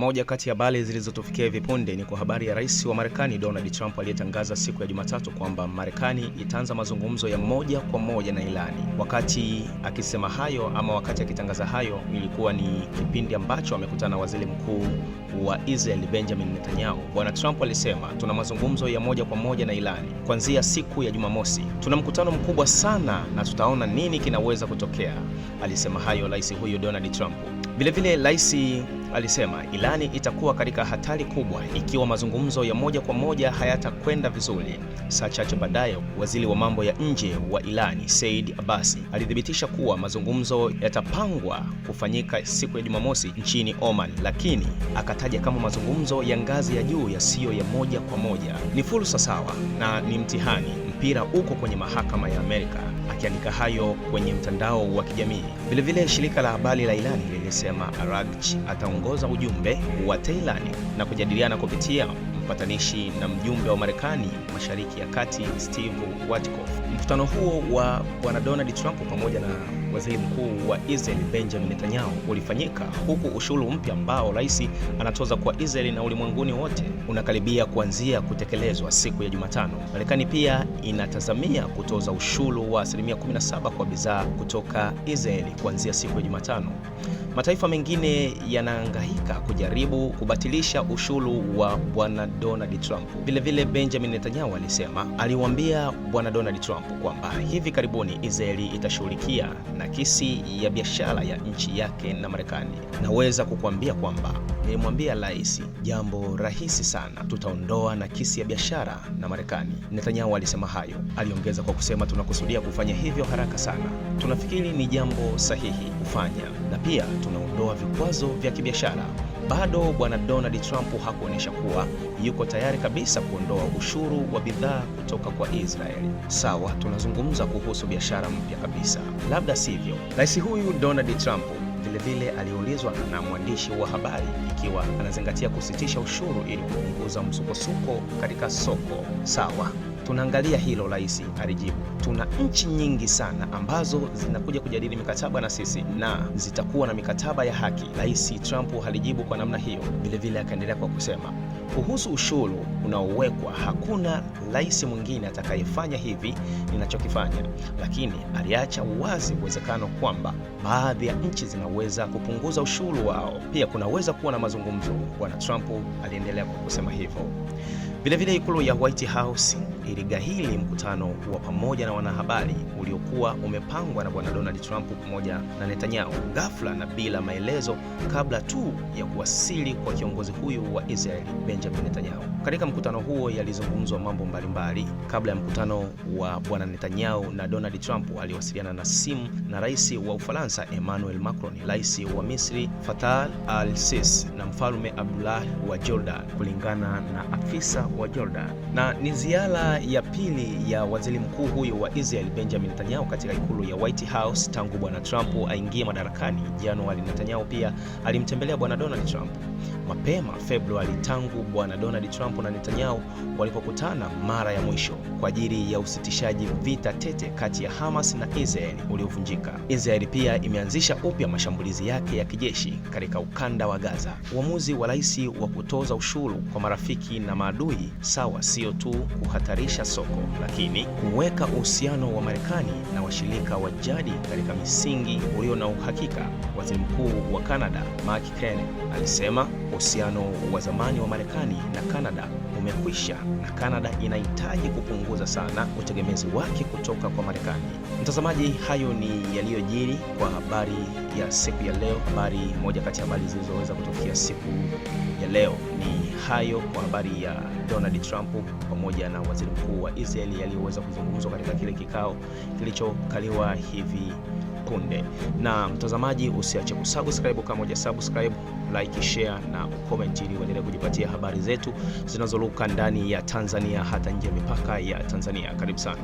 Moja kati ya habari zilizotufikia hivi punde ni kwa habari ya rais wa Marekani Donald Trump aliyetangaza siku ya Jumatatu kwamba Marekani itaanza mazungumzo ya moja kwa moja na Irani. Wakati akisema hayo ama wakati akitangaza hayo, ilikuwa ni kipindi ambacho amekutana waziri mkuu wa Israel Benjamin Netanyahu. Bwana Trump alisema tuna mazungumzo ya moja kwa moja na Irani kuanzia siku ya Jumamosi, tuna mkutano mkubwa sana na tutaona nini kinaweza kutokea. Alisema hayo rais huyu Donald Trump. Vilevile raisi alisema Irani itakuwa katika hatari kubwa ikiwa mazungumzo ya moja kwa moja hayatakwenda vizuri. Saa chache baadaye, waziri wa mambo ya nje wa Irani Said abasi alithibitisha kuwa mazungumzo yatapangwa kufanyika siku ya Jumamosi nchini Oman, lakini akataja kama mazungumzo ya ngazi ya juu yasiyo ya moja kwa moja. Ni fursa sawa na ni mtihani mpira uko kwenye mahakama ya Amerika, akiandika hayo kwenye mtandao wa kijamii. Vilevile shirika la habari la Irani lilisema Araghchi ataongoza ujumbe wa Thailand na kujadiliana kupitia mpatanishi na mjumbe wa Marekani Mashariki ya Kati Steve Witkoff. Mkutano huo wa bwana Donald Trump pamoja na waziri mkuu wa Israel Benjamin Netanyahu ulifanyika huku ushuru mpya ambao rais anatoza kwa Israel na ulimwenguni wote unakaribia kuanzia kutekelezwa siku ya Jumatano. Marekani pia inatazamia kutoza ushuru wa asilimia 17 kwa bidhaa kutoka Israel kuanzia siku ya Jumatano. Mataifa mengine yanaangaika kujaribu kubatilisha ushuru wa bwana Donald Trump. Vilevile Benjamin Netanyahu alisema aliwaambia bwana Donald Trump kwamba hivi karibuni Israeli itashughulikia nakisi ya biashara ya nchi yake na Marekani. Naweza kukuambia kwamba nilimwambia rais jambo rahisi sana, tutaondoa nakisi ya biashara na Marekani. Netanyahu alisema hayo. Aliongeza kwa kusema, tunakusudia kufanya hivyo haraka sana, tunafikiri ni jambo sahihi kufanya, na pia tunaondoa vikwazo vya kibiashara bado bwana Donald Trump hakuonyesha kuwa yuko tayari kabisa kuondoa ushuru wa bidhaa kutoka kwa Israeli. Sawa, tunazungumza kuhusu biashara mpya kabisa, labda sivyo? Rais huyu Donald Trump vilevile aliulizwa na mwandishi wa habari ikiwa anazingatia kusitisha ushuru ili kupunguza msukosuko katika soko. Sawa tunaangalia hilo rais alijibu, tuna nchi nyingi sana ambazo zinakuja kujadili mikataba na sisi na zitakuwa na mikataba ya haki. Rais Trump alijibu kwa namna hiyo. Vilevile akaendelea kwa kusema kuhusu ushuru unaowekwa, hakuna rais mwingine atakayefanya hivi ninachokifanya, lakini aliacha wazi uwezekano kwamba baadhi ya nchi zinaweza kupunguza ushuru wao, pia kunaweza kuwa na mazungumzo. Bwana Trump aliendelea kwa kusema hivyo. Vilevile ikulu ya White House iligahili mkutano wa pamoja na wanahabari uliokuwa umepangwa na bwana Donald Trump pamoja na Netanyahu ghafla na bila maelezo kabla tu ya kuwasili kwa kiongozi huyu wa Israel Benjamin Netanyahu. Katika mkutano huo yalizungumzwa mambo mbalimbali. Kabla ya mkutano wa bwana Netanyahu na Donald Trump, aliwasiliana na simu na rais wa Ufaransa Emmanuel Macron, rais wa Misri fatal al-Sisi na mfalme Abdullah wa Jordan, kulingana na afisa wa Jordan na ni ziara ya pili ya waziri mkuu huyo wa Israel Benjamin Netanyahu katika ikulu ya White House tangu bwana Trump aingie madarakani Januari. Netanyahu pia alimtembelea bwana Donald Trump mapema Februari tangu bwana Donald Trump na Netanyahu walipokutana mara ya mwisho kwa ajili ya usitishaji vita tete kati ya Hamas na Israel uliovunjika. Israel pia imeanzisha upya mashambulizi yake ya kijeshi katika ukanda wa Gaza. Uamuzi wa rais wa kutoza ushuru kwa marafiki na maadui sawa, sio tu kuhatarisha soko, lakini kuweka uhusiano wa Marekani na washirika wa jadi katika misingi ulio na uhakika. Waziri mkuu wa Canada Mark Carney alisema Uhusiano wa zamani wa Marekani na Kanada umekwisha na Kanada inahitaji kupunguza sana utegemezi wake kutoka kwa Marekani. Mtazamaji, hayo ni yaliyojiri kwa habari ya siku ya leo. Habari moja kati ya habari zilizoweza kutokea siku ya leo ni hayo kwa habari ya Donald Trump pamoja na waziri mkuu wa Israeli yaliyoweza kuzungumzwa katika kile kikao kilichokaliwa hivi Sekunde. Na mtazamaji, usiache kusubscribe kama uja subscribe, like, share na comment ili uendelee kujipatia habari zetu zinazoluka ndani ya Tanzania hata nje ya mipaka ya Tanzania. Karibu sana.